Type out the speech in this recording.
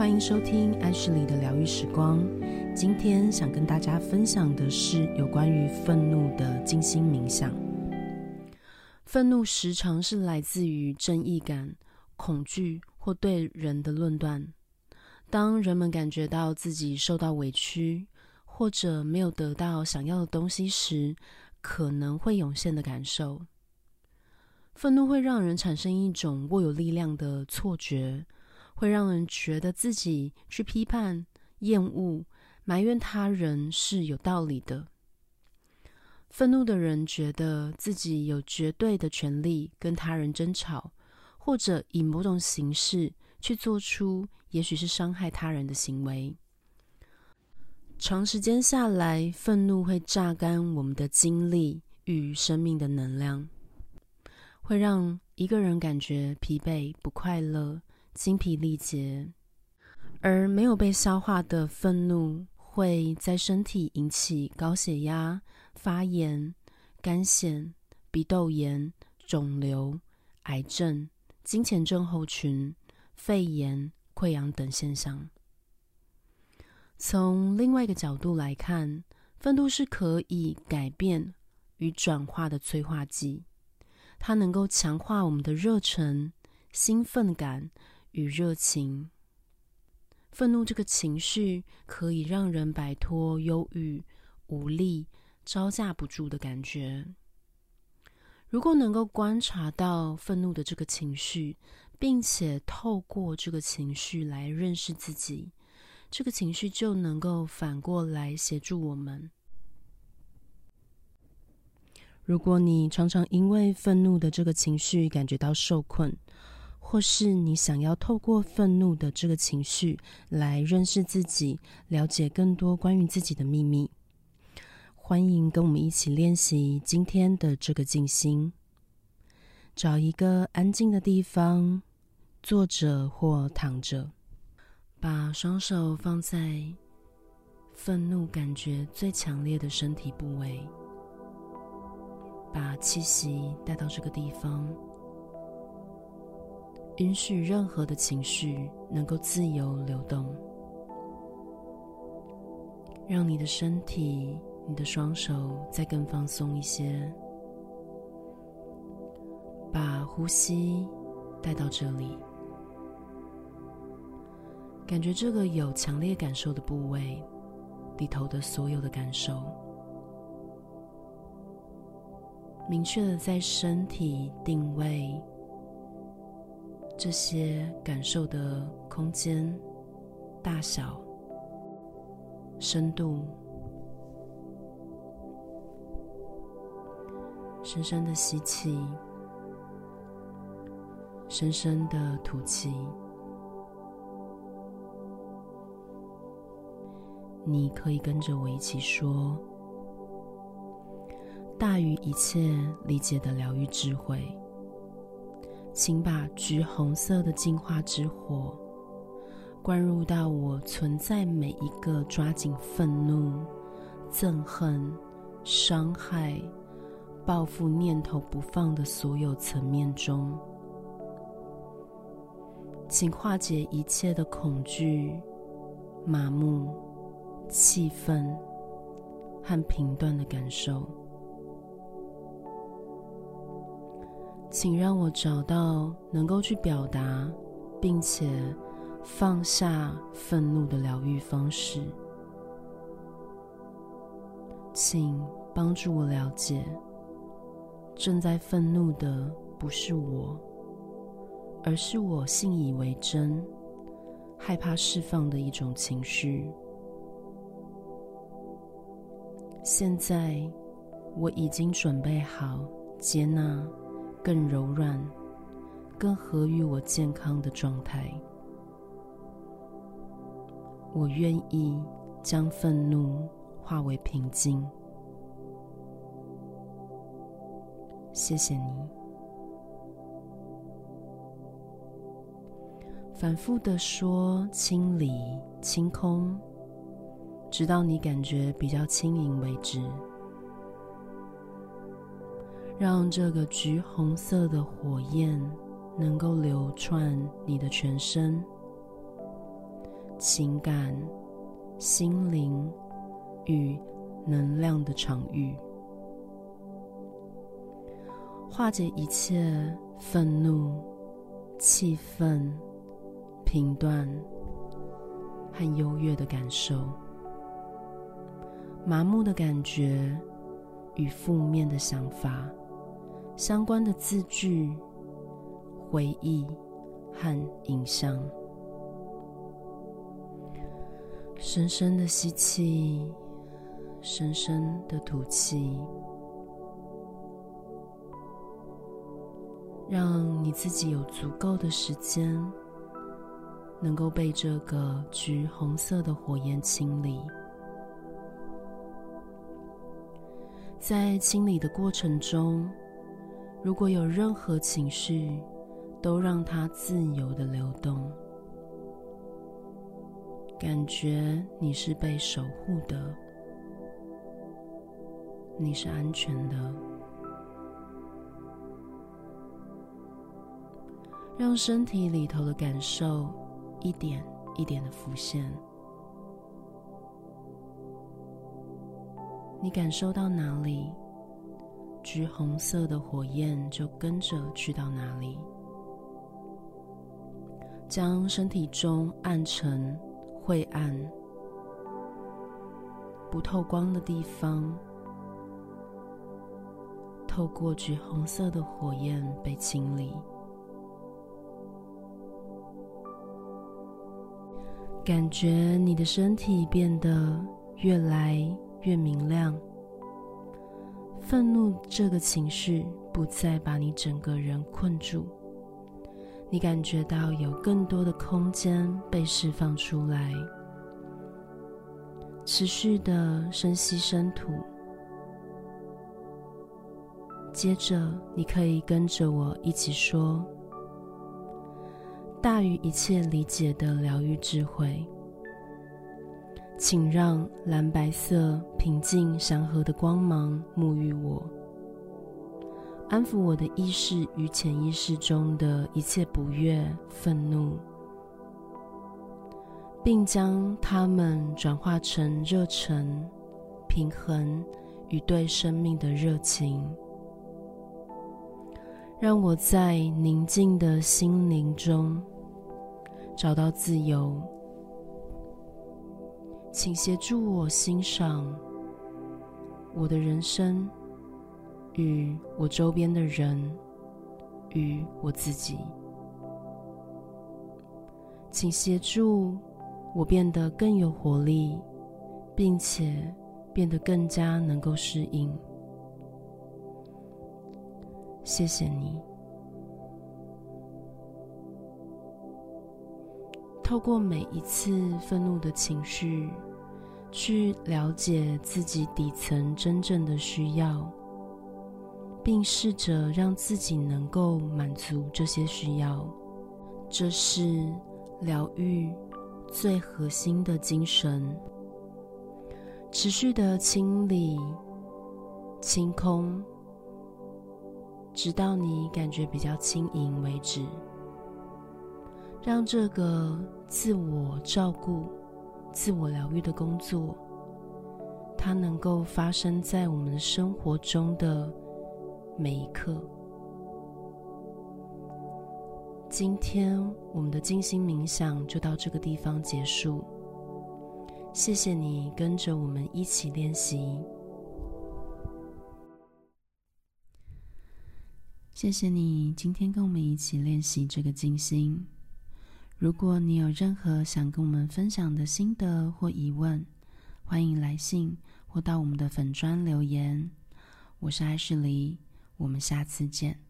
歡迎收聽 Ashley 的療癒時光。今天想跟大家分享的是有關於憤怒的靜心冥想。憤怒時常是來自於正義感、恐懼或對人的論斷。當人們感覺到自己受到委屈或者沒有得到想要的東西時，可能會湧現的感受。憤怒會讓人產生一種握有力量的錯覺。會讓人覺得自己去批判、厭惡、埋怨他人是有道理的。憤怒的人覺得自己有絕對的權利跟他人爭吵，或者以某種形式去做出也許是傷害他人的行為。長時間下來，憤怒會榨乾我們的精力與生命的能量，會讓一個人感覺疲憊、不快樂。精疲力竭，而沒有被消化的憤怒會在身體引起高血壓、發炎、肝炎、鼻竇炎、腫瘤、癌症、經前症候群、肺炎、潰瘍等現象。從另外一個角度來看，憤怒是可以改變與轉化的催化劑，它能夠強化我們的熱忱、興奮感。與熱情。憤怒這個情緒，可以讓人擺脫憂鬱、無力、招架不住的感覺。如果能夠觀察到憤怒的這個情緒，並且透過這個情緒來認識自己，這個情緒就能夠反過來協助我們。如果你常常因為憤怒的這個情緒感覺到受困，或是你想要透過憤怒的這個情緒來認識自己，了解更多關於自己的秘密，歡迎跟我們一起練習今天的這個靜心。找一個安靜的地方，坐着或躺着，把雙手放在憤怒感覺最強烈的身體部位，把氣息帶到這個地方。允許任何的情緒能夠自由流動，讓你的身體、你的雙手再更放鬆一些，把呼吸帶到這裡，感覺這個有強烈感受的部位裡頭的所有的感受，明確的在身體定位，這些感受的空間、大小、深度。深深的吸氣，深深的吐氣。你可以跟着我一起說：“大於一切理解的療癒智慧。”請把橘紅色的淨化之火灌入到我存在每一個抓緊憤怒、憎恨、傷害、報復念頭不放的所有層面中。請化解一切的恐懼、麻木、氣憤和評斷的感受。請讓我找到能夠去表達，並且放下憤怒的療癒方式。請幫助我了解，正在憤怒的不是我，而是我信以為真、害怕釋放的一種情緒。現在我已經準備好接納。更柔軟，更合於我健康的狀態。我願意將憤怒化為平靜。謝謝你，反覆的說清理、清空，直到你感覺比較輕盈為止。讓這個橘紅色的火焰能夠流竄你的全身、情感、心靈與能量的場域，化解一切憤怒、氣憤、評斷和優越的感受、麻木的感覺與負面的想法。相關的字句、回憶和影像。深深的吸氣，深深的吐氣，讓你自己有足夠的時間，能夠被這個橘紅色的火焰清理。在清理的過程中。如果有任何情緒，都讓它自由的流動。感覺你是被守護的，你是安全的。讓身體裡頭的感受一點一點的浮現。你感受到哪裡，橘紅色的火焰就跟着去到哪裡，將身體中暗沉、晦暗、不透光的地方，透過橘紅色的火焰被清理，感覺你的身體變得越來越明亮。憤怒這個情緒不再把你整個人困住，你感覺到有更多的空間被釋放出來。持續的深吸深吐，接着你可以跟着我一起說：“大於一切理解的療癒智慧。”請讓藍白色平靜祥和的光芒沐浴我，安撫我的意識與潛意識中的一切不悅、憤怒，並將它們轉化成熱忱、平衡與對生命的熱情。讓我在寧靜的心靈中找到自由。請協助我欣賞我的人生，與我周邊的人，與我自己。請協助我變得更有活力，並且變得更加能夠適應。謝謝你。透過每一次憤怒的情緒，去了解自己底層真正的需要，並試着讓自己能夠滿足這些需要，這是療癒最核心的精神。持續的清理、清空，直到你感覺比較輕盈為止，讓這個。自我照顧、自我療癒的工作，它能夠發生在我們生活中的每一刻。今天我們的靜心冥想就到這個地方結束。謝謝你跟着我們一起練習。謝謝你今天跟我們一起練習這個靜心。如果你有任何想跟我們分享的心得或疑問，歡迎來信或到我們的粉專留言。我是艾世黎，我們下次見。